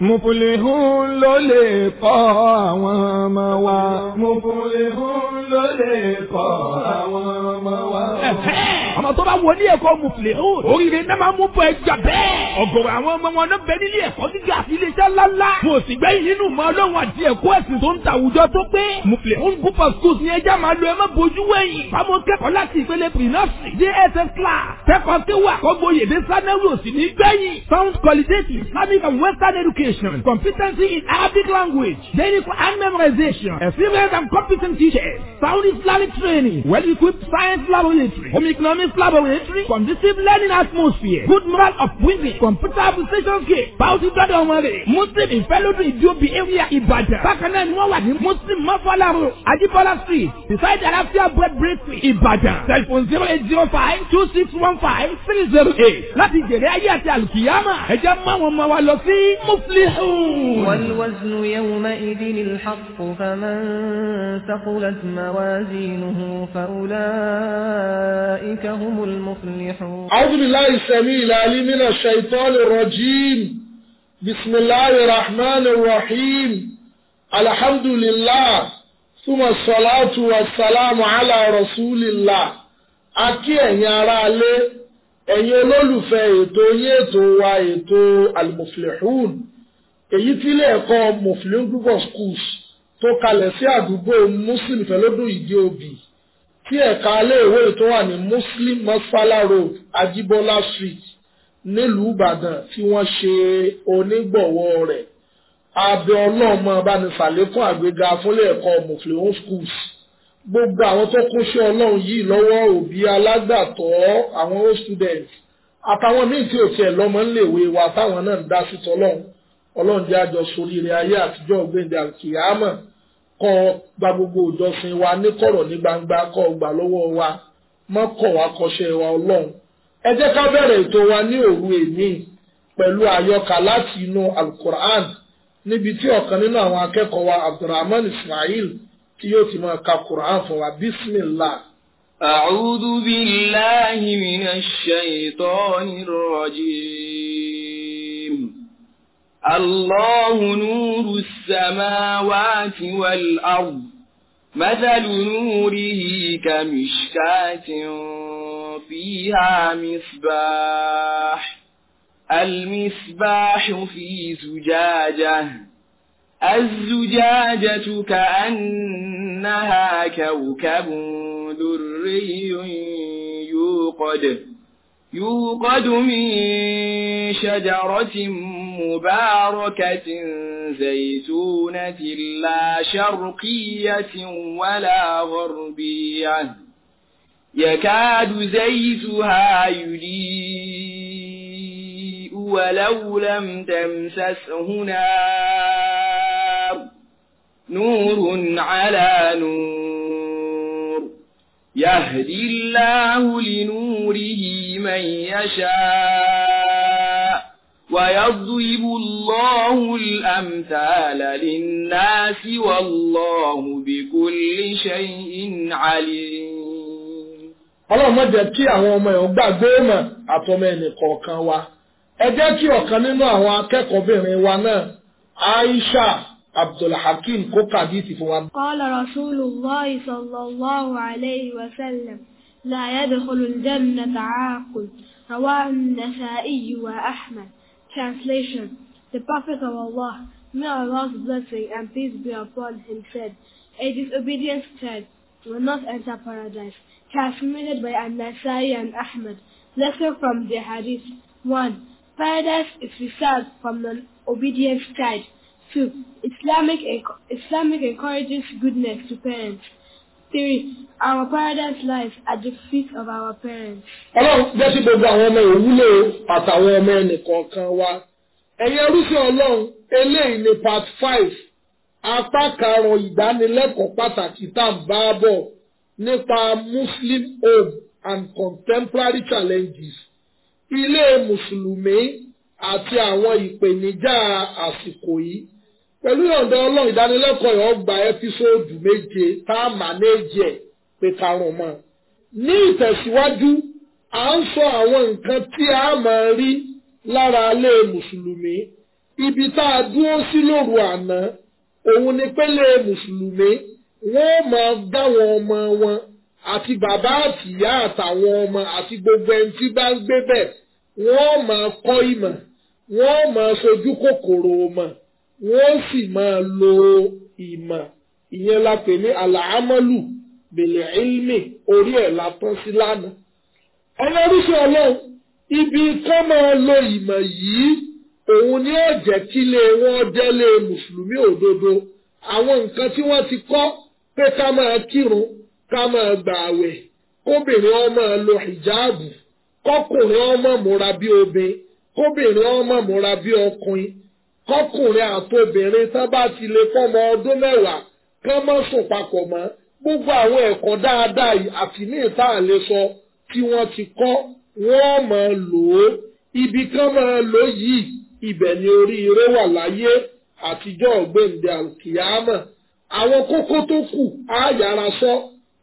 Mupulihun ló lè kọ́ ọmọ wa. Mupulihun ló lè kọ́ àwọn ọmọ wa. ọmọ tó bá wọ ní ẹ̀kọ́ mufle o. oríire náà máa mú bọ ẹja bẹ́ẹ̀. ọ̀gọ̀rọ̀ àwọn ọmọ wọn náà bẹ nílé ẹ̀kọ́ gíga àti iléeṣẹ́ ńláńlá. mo sì gbẹ́yìn nínú mọ ọlọ́run àti ẹ̀kọ́ ẹ̀sìn tó ń ta àwùjọ tó pé. mufle o ń kó pa schools ní ẹja máa lo ẹ bojú wẹ̀yìn. bámu kẹ́kọ̀ọ́ láti ìpele pre-nursery dss class. kẹ́kọ̀ọ́ kéwà kọ́gboyèdè sanẹ́rù òsì ní gbẹ̀yìn. sound sound Islamic training, well-equipped science laboratory, home economics laboratory, conducive learning atmosphere, good moral of women, computer application kit, bounty dọ́dọ̀ wọn rè. Muslim ìfẹ́lódún ìdíòbí area Ìbàdàn. Bákan náà ni wọ́n wà ní Muslim Mọ́fọ́lá Road, Ajibola Street, beside Alafia Bread Bakery, Ìbàdàn. Telephone zero eight zero five two six one five three zero eight. Láti jèrè ayé àti àlùkìyámà, ẹ jẹ́ mú àwọn ọmọ wa lọ sí Muflihun. Wal waznu yawma idhin al-haqq faman thaqulat ma موازينه فأولئك هم المفلحون أعوذ بالله السميع العليم من الشيطان الرجيم بسم الله الرحمن الرحيم الحمد لله ثم الصلاة والسلام على رسول الله akí ẹ̀yin aráalé ẹ̀yin olólùfẹ́ ètò yín ètò wa ètò almuflihun èyí tí ilé ẹ̀kọ́ muflihun group schools tó kalẹ̀ sí àdúgbò muslim fẹ́lódún ìdí òbí tí ẹ̀ka iléèwé tó wà ní muslim masala road ajibola street nílùú ìbàdàn tí wọ́n ṣe onígbọ̀wọ́ rẹ̀ abẹ ọlọ́mọ abánisàlékún àgbéga fúnlé ẹ̀kọ́ mufleon schools gbogbo àwọn tó kún sí ọlọ́run yìí lọ́wọ́ òbí alágbàtọ́ àwọn old students àtàwọn míì tí ò tiẹ̀ lọ́mọ ńlẹ̀wé wa táwọn náà ń dá sí tọ́lọ́run ọlọ́run jẹ́ àjọ soríire ayé àtijọ́ ògbéǹde àkìyámọ̀ kọ́ gba gbogbo ìjọsìn wa níkọ̀rọ̀ ní gbangba kọ́ gbà lọ́wọ́ wa má kọ̀ wá kọ́ṣẹ́ wa ọlọ́run ẹ jẹ́ ká bẹ̀rẹ̀ ètò wa ní òru èní pẹ̀lú àyọkà láti inú alukur'an níbi tí ọ̀kan nínú àwọn akẹ́kọ̀ọ́ wa abdulrahman ismail tí yóò ti máa ka kur'an fún wa bismillah. أعوذ بالله من الشيطان الرجيم الله نور السماوات والأرض مثل نوره كمشكاة فيها مصباح المصباح في زجاجة الزجاجة كأنها كوكب دري يوقد يوقد من شجرة مباركة زيتونة لا شرقية ولا غربية يكاد زيتها يليء ولو لم تمسسه نار نور على نور يهدي الله لنوره من يشاء ويضرب الله الأمثال للناس والله بكل شيء عليم ọlọ́run má jẹ́ kí àwọn ọmọ ẹ̀ gbàgbé mọ̀ àtọmọ ẹnì kọ̀ọ̀kan wa ẹ jẹ́ kí ọ̀kan nínú àwọn akẹ́kọ̀ọ́bìnrin wa náà Aisha Abdulhakeem kó kàdíìsì fún wa. Qala Rasulullahi sallallahu alayhi wa sallam. لا يدخل الجنة عاقل رواه النسائي وأحمد Translation The Prophet of Allah, may Allah's blessing and peace be upon him said, A disobedient child will not enter paradise. Transmitted by An-Nasai and Ahmad. Lesson from the Hadith 1. Paradise is reserved from the obedient child. 2. Islamic, Islamic encourages goodness to parents. spirit our paradise life at the feet of our parents. ọlọ́run jẹ́ sí gbogbo àwọn ọmọ ìwúlò àtàwọn ọmọ ẹnìkọ̀ọ̀kan wa ẹ̀yin ẹrúfẹ́ ọlọ́run eléyìí ni part five apá karùn-ún ìdánilẹ́kọ̀ọ́ pàtàkì tá à ń bá bọ̀ nípa muslim home and contemporary challenges ilé mùsùlùmí àti àwọn ìpèníjà àsìkò yìí pẹ̀lú ìyọ̀ǹda ọlọ́run ìdánilẹ́kọ̀ọ́ yóò gba ẹ́písòdù méje tá a mànéjì ẹ̀ pé karùn-ún mọ́ ní ìtẹ̀síwájú à ń sọ àwọn nǹkan tí a máa rí lára alẹ́ mùsùlùmí ibi tá a dúró sí lóru àná òun ni pélé mùsùlùmí wọ́n máa bá wọn ọmọ wọn àti bàbá àtìyá àtàwọn ọmọ àti gbogbo ẹni tí bá ń gbé bẹ̀ wọ́n máa kọ́ ìmọ̀ wọ́n máa sojú kòkòrò mọ̀ wọ́n sì máa lo ìmọ̀ ìyẹn la pè ní àlàámọ́lù bèlè ilmi orí ẹ̀ la tán sí lánàá. ọlọ́rìṣẹ́ ọlọ́run ibi kan máa lo ìmọ̀ yìí òun ni ó jẹ́ kílé wọn délé mùsùlùmí òdodo àwọn nǹkan tí wọ́n ti kọ́ pé ká máa kírun ká máa gbààwẹ̀ kóbìnrin ọmọ lo hijabu kọkùnrin ọmọ múra bí obìnrin kóbìnrin ọmọ múra bí ọkùnrin kọkùnrin àtobìnrin tán bá ti lè fọmọ ọdún mẹ́wàá kán mọ́ sùn papọ̀ mọ́ gbogbo àwọn ẹ̀kọ́ dáadáa yìí àti ní ìta àlẹ́ sọ tí wọ́n ti kọ́ wọ́n máa lò ó ibi kan máa lò yìí ibẹ̀ ni oríire wà láyé àtijọ́ ọ̀gbẹ́ǹde àkìyámọ̀ àwọn kókó tó kù á yára sọ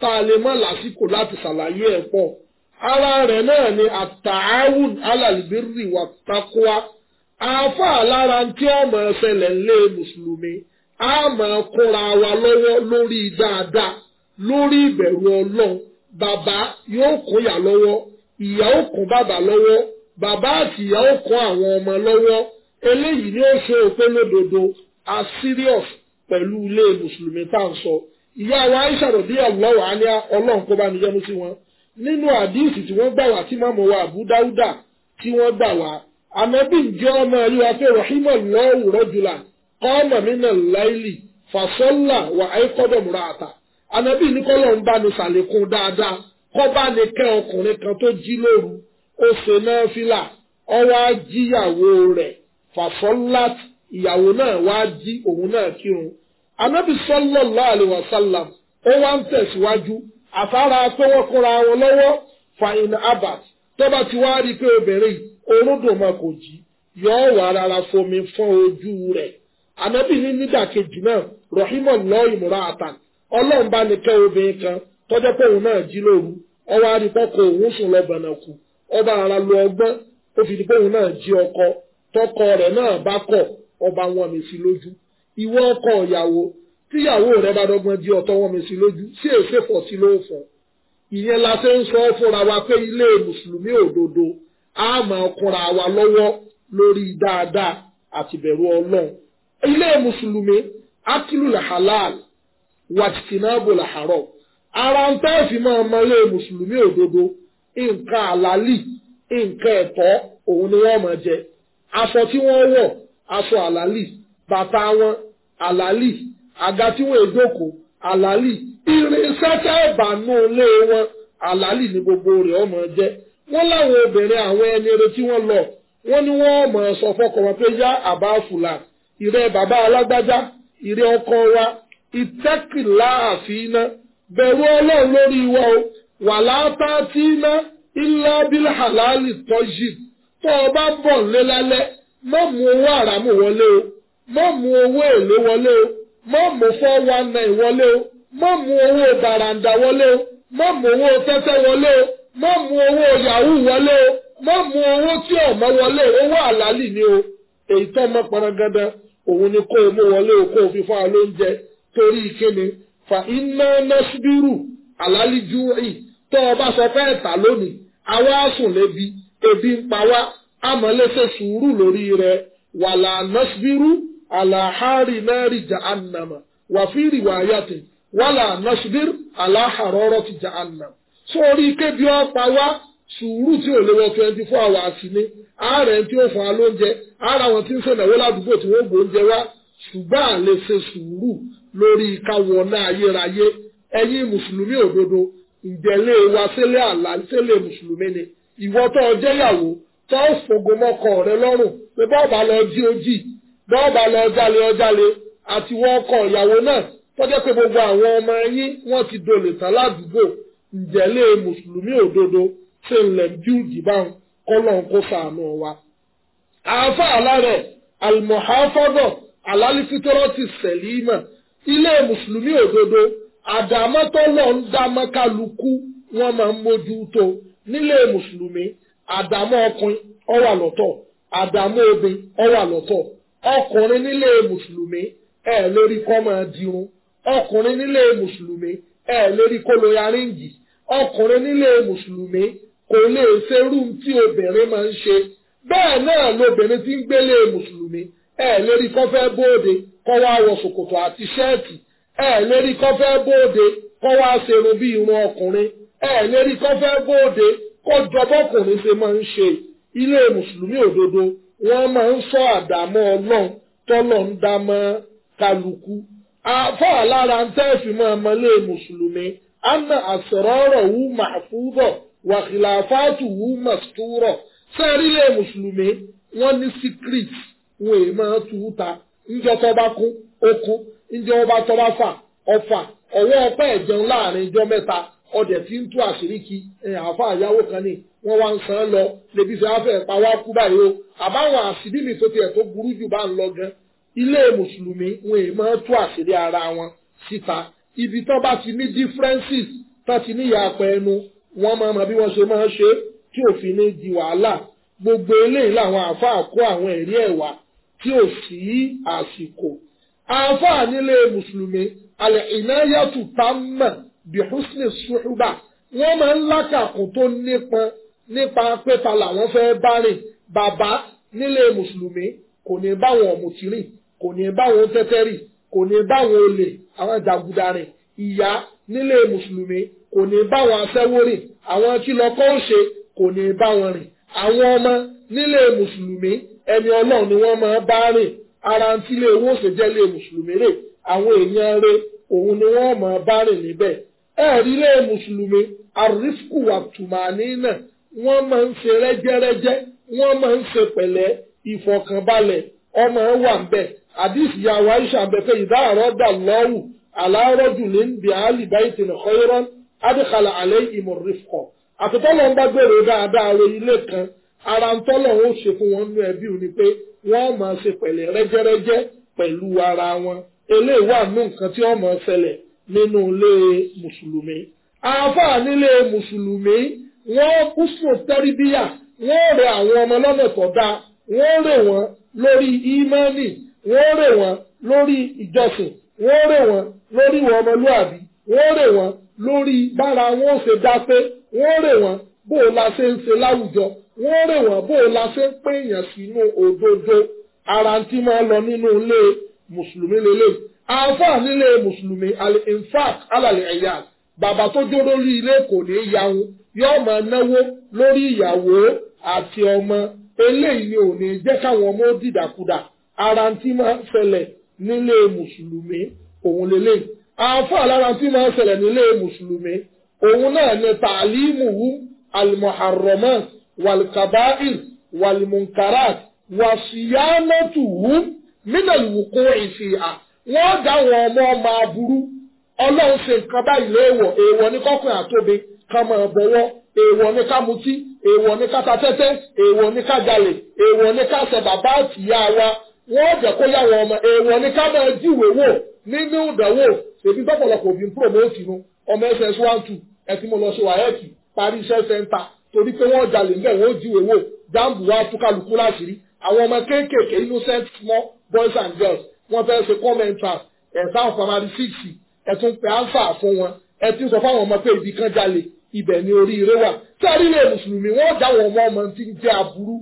tá a lè mọ̀ lásìkò láti ṣàlàyé ẹ̀ pọ̀ ara rẹ̀ náà ni àtàáwùn alàlìbírì wà tákúá àáfà lára tí ọmọ ṣẹlẹ̀ lé mùsùlùmí a máa kóra wa lọ́wọ́ lórí dáadáa lórí ìbẹ̀rù ọlọ́run bàbá yóò kún ìyá lọ́wọ́ ìyá ó kún bàbá lọ́wọ́ bàbá àti ìyá ó kún àwọn ọmọ lọ́wọ́ eléyìí ni ó ṣe òpin lódodo a serious pẹ̀lú ilé mùsùlùmí tá à ń sọ ìyá wa Aisha ọlọ́wà á ní ọlọ́run kó bá ní yẹnu sí wọn nínú àdíìsì tí wọ́n gbà wá tí mọ́mọ́ wa Abu tí wọ́n gbà wá ànábì jẹ́ ọmọ ẹ̀rí wa pé rahimah lọ́wọ́ rọ́jùlá kọ́ọ̀mọ̀ nínà láìlì fàṣọ́là wà áìkọ́dọ̀ múra àtà ànábì ní kọ́lọ̀ ń bá ní sàlékún dáadáa kọ́ bá ní kẹ́ ọkùnrin kan tó jí lóru ó ṣe náà fìlà ọwọ́ á jíyàwó rẹ̀ fàṣọ́là ìyàwó náà wá jí òun náà kírun ànábì sallallahu alaihi wasallam ó wá ń tẹ̀síwájú àfárá pé wọ́n kóra wọn lọ́wọ́ fàyín abat tó ti wá rí pé obìnrin yìí olódòmọkò jí yóò wà rárá fomi fún ojú rẹ̀ ànábì ní nídàkejì náà rahimah lọ́ọ́ ìmúra àtàn ọlọ́run bá ní kẹ́ obìnrin kan tọ́jọ́ pé òun náà jí lóru ọwọ́ àdìpọ́kọ̀ òun sùn lọ́bànà kù ọba ara lo ọgbọ́n ó fi di pé òun náà jí ọkọ tọkọ rẹ̀ náà bá kọ̀ ọba wọn mi sí lójú ìwọ ọkọ ìyàwó tíyàwó rẹ bá dọ́gbọ́n jí ọtọ́ wọn mi sí lójú sí èsè pọ̀ sí ló ìyẹn la ṣe ń sọ fúnra wa pé ilé mùsùlùmí òdodo a máa kúnra wa lọ́wọ́ lórí dáadáa àti bẹ̀rù ọlọ́run ilé mùsùlùmí akilu lahalal wàtìkìnàbò làhárọ ara ń tẹ́ẹ̀fì máa mọ ilé mùsùlùmí òdodo nǹkan àlálì nǹkan ẹ̀tọ́ òun ni wọ́n máa jẹ aṣọ tí wọ́n wọ̀ aṣọ àlálì bàtà wọn àlálì àga tí wọ́n èdòkó àlálì irinṣẹ́ tẹ́ẹ̀bà nù ilé wọn àlálì ni gbogbo rẹ̀ ọmọ jẹ́ wọ́n láwọn obìnrin àwọn ẹni eré tí wọ́n lọ wọ́n ní wọ́n mọ̀ sọ fọkọ pé yá àbá fùlà bàbá alágbájá ìrẹ́ ọkọ wa ìtẹ́kìlá àfínà bẹ̀rù ọlọ́run lórí wa o wà látà tọ́jì tó o bá bọ̀ owó àràmù wọlé o owó èlé wọlé o four má mú owó yahoo wọlé o má owó tí ọmọ wọlé owó ni o èyí tó mọ parangandan òun ni kó o mú wọlé o kó o fi fún wa fa iná násbírù alali júwèé tó o bá sọ fẹ́ẹ̀ tà lónìí àwa sùn lébi ebi ń pa wá sùúrù lórí wàlà àlàhárì ànàmà wàyàtì wàlà sórí kébi ọ̀pá wá sùúrù tí ò lè twenty four hours ni ààrẹ tí ó fún alóúnjẹ ara wọn tí ń ṣènáwó ládùúgbò tí wọ́n gbóúnjẹ wá ṣùgbọ́n à lè ṣe sùúrù lórí káwọn náà ayérayé ẹ̀yin mùsùlùmí òdodo ìjẹ́lé wa sílẹ̀ àlá sílẹ̀ mùsùlùmí ni ìwọ tó ọjẹ́ yàwó tó fògomọkọ rẹ lọ́rùn pé bọ́ọ̀bà lọ jí ojì bọ́ọ̀bà lọ jalè ọjalè àti wọ́n ọkọ ìyàwó náà tó jẹ́ pé gbogbo àwọn ọmọ ẹ̀yìn wọ́n ti dolè tán ládùúgbò ǹjẹ́lé mùsùlùmí òdodo ṣe ń lẹ̀ bíúdì báwọn kọ́lọ̀ kó sàánú wa. àáfà alárẹ̀ almohafadọ̀ alálífítọ́rọ́tì sẹ̀límà ilé mùsùlùmí òdodo àdámọ́tọ́lọ̀ ń dámọ́ kálukú wọ́n máa ń mójú tó nílé mùsùlùmí àdámọ́ ọkùnrin ó wà lọ́tọ̀ àdámọ́ obìn ó wà lọ́tọ̀ ọkùnrin nílé mùsùlùmí ẹ̀ lórí kọ́ máa dirun ọkùnrin nílé mùsùlùmí ẹ̀ lórí kó lo yaríǹgì ọkùnrin nílé mùsùlùmí kò lè ṣerú tí obìnrin máa ń ṣe bẹ́ẹ̀ náà lobìnrin ti ń gbélé mùsùlùmí ẹ̀ lérí kọ́fẹ́ bóde kọ́ wá wọ ṣòkòtò àti ṣẹ́ẹ̀tì ẹ̀ lérí kọ́fẹ́ bóde kọ́ wá ṣerun bí irun ọkùnrin ẹ̀ lérí kọ́fẹ́ bóde kọ́ jọbọ́kùnrin ṣe máa ń ṣe ilé mùsùlùmí òdodo wọ́n máa ń sọ àdámọ́ ọlọ́run tọ́lọ̀ ń dá mọ́ kálukú àfọ́ lára ń tẹ́ẹ̀fì mọ́ ọmọlé mùsùlùmí anna àsọ̀rọ̀rọ̀ wù màfúbọ̀ wà kìláfàtù wù màstúrọ̀ sẹ́ẹ̀rí ilé mùsùlùmí wọ́n ní secret wọn èè máa tú ta ńjọ tó bá kún ó kún ńjọ ọba tó bá fà ọfà ọwọ́ ọpẹ́ ẹ̀jẹun láàrin ijọ́ mẹ́ta ọdẹ tí ń tú àṣírí ki àfa àyáwó kan ní wọ́n wá ń san án lọ lèbi fẹ́ afẹ́ pa wá kú báyìí o àbáwọn àṣírí mi tó tiẹ̀ tó burú jù bá ń lọ gan ilé mùsùlùmí wọn èè máa tú àṣírí ara wọn síta ibi tán bá ti ní differences tán ti ní ìyàpọ̀ ẹnu wọ́n máa mọ bí wọ́n ṣe máa ṣe tí òfin ní di wàhálà gbogbo eléyìí làwọn àáfàá kó àwọn ẹ̀rí ẹ̀ wá tí ò sí àsìkò àáfàá nílé mùsùlùmí alẹ́ ìnáyàtù tá mọ̀ bí húsnì sùhùbà wọ́n máa ń lákàkùn tó nípọn nípa pépà làwọn fẹ́ bá rìn bàbá nílé mùsùlùmí kò ní báwọn ọ̀mùtírìn kò ní báwọn tẹ́tẹ́rì kò ní báwọn olè àwọn jàgùdà rìn ìyá nílé mùsùlùmí kò ní báwọn aṣẹ́wó rìn àwọn tí lọ́kọ́ òṣè kò ní báwọn rìn àwọn ọmọ nílé mùsùlùmí ẹni ọlọ́run ni wọ́n máa bá rìn ara ń tílé owó òṣèjẹ́ lé mùsùlùmí rè àwọn èèyàn rẹ̀ òun ni wọ́n máa bá rìn níbẹ̀ ẹ̀rí lé mùsùlùmí àrífkù àtùmání náà wọ́n máa ń ṣe rẹ́jẹ́rẹ́jẹ́ wọ́n máa ń ṣe pẹ̀lẹ́ ìfọ̀kànbalẹ̀ ọmọ wà ń àdìsí ya wa aisha abẹ́fẹ́ ìdá àrọ́dà lọ́wù aláàrọ́jù ní bí àálì báyìí khayran adìkàlà àlẹ́ ìmọ̀rìfọ̀ àtọ́tọ́lọ́ ń bá gbèrò dáadáa ro ilé kan ara ń tọ́lọ̀ ó ṣe fún wọn nú ẹbí òní pé wọ́n máa ṣe pẹ̀lẹ́ rẹ́jẹ́rẹ́jẹ́ pẹ̀lú ara wọn eléyìí wà nù nǹkan tí wọ́n máa ṣẹlẹ̀ nínú ilé mùsùlùmí àáfàá nílé mùsùlùmí wọ́n kúsùn tẹ́ríbíyà wọ́n rẹ àwọn ọmọ lọ́nà tó dáa wọ́n rẹ wọn lórí ímánì wọ́n rè wọ́n lórí ìjọsìn wọ́n rè wọ́n lórí ìwà ọmọlúàbí wọ́n rè wọ́n lórí bára wọn ò ṣe dá pé wọ́n rè wọ́n bó o la ṣe ń ṣe láwùjọ wọ́n rè wọ́n bó o la ṣe ń pé èèyàn sínú òdodo ara tí máa lọ nínú ilé mùsùlùmí lélẹ̀ àáfà nílé mùsùlùmí in fact alàlẹ́ ẹ̀yà bàbá tó jó lórí ilé kò ní í yahun yóò máa náwó lórí ìyàwó àti ọmọ eléyìí ni ò ní jẹ́ káwọn ọmọ dìdàkudà ara tí máa ń ṣẹlẹ̀ nílé mùsùlùmí òun lélẹ̀ àáfàá lára tí máa ń ṣẹlẹ̀ nílé mùsùlùmí òun náà ni tàlímùhù almuharramat walkabair walmunkarat wasiyanatuhu minal wuku'i fiha wọ́n dá wọn ọmọ máa burú ọlọ́run ṣe nǹkan báyìí léèwọ̀ èèwọ̀ ní kọ́kùnrin àtòbe ká máa bọ̀wọ́ èèwọ̀ ní ká mutí èèwọ̀ ní ká ta èèwọ̀ ní ká jalè èèwọ̀ ní ká ṣe bàbá àtìyá wa wọ́n jẹ́ kó yáwọ̀ ọmọ èèwọ̀ ni ká máa jíwèé wò nínú ìdánwò èbí gbọ́pọ̀lọpọ̀ òbí ń promote nu ọmọ ss one two ẹ ti mo lọ ṣe wáyẹ́ẹ̀kì parí iṣẹ́ sẹ́ńtà torí pé wọ́n jalè ńbẹ̀ wọ́n jíwèé wò jambu wa túkàlùkù láṣìírí àwọn ọmọ kéékèèké innocent small boys and girls wọ́n fẹ́ ṣe common trap exam primary six ẹ tún pẹ́ answer fún wọn ẹ ti sọ fáwọn ọmọ pé ibì kan jalè ibẹ̀ ni oríire wà sẹ́rí ilé mùsùlùmí wọ́n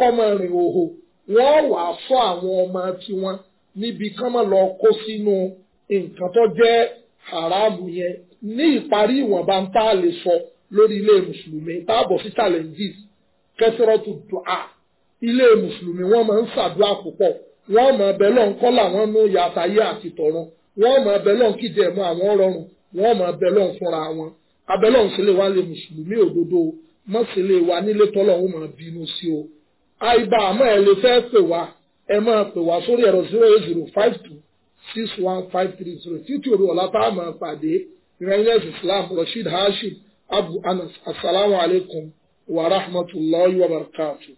kọ́mọ rìn òhò wọ́n wà fọ́ àwọn ọmọ tiwọn níbi kán mọ̀ lọ kó sínú nǹkan tó jẹ́ haramu yẹn ní ìparí ìwọ̀nba ń tá a lè sọ lórí ilé mùsùlùmí táàbọ̀ sí challenges kẹsìrọ́tù dùá ilé mùsùlùmí wọ́n máa ń ṣàdúrà púpọ̀ wọ́n máa bẹ lọ́n kọ́ làwọn nú yàtàyé àti tọ̀run wọ́n máa bẹ lọ́n kíjẹ mọ́ àwọn rọrùn wọ́n máa bẹ lọ́n fúnra wọn abẹ́lọ́n sílé wa lè mùsùlùmí òdodo mọ́sílé wa nílé tọ́lọ́hún máa bínú sí o àìbá àmọ́ ẹ lè fẹ́ pè wá ẹ máa pè wá sórí ẹ̀rọ zero eight zero five two six one five three zero títí òru ọ̀la tá a máa pàdé ìrẹ́lẹ́sì Islam Rasheed Hashim Abu Anas asalaamu alaykum wa rahmatulahi wa barakatu.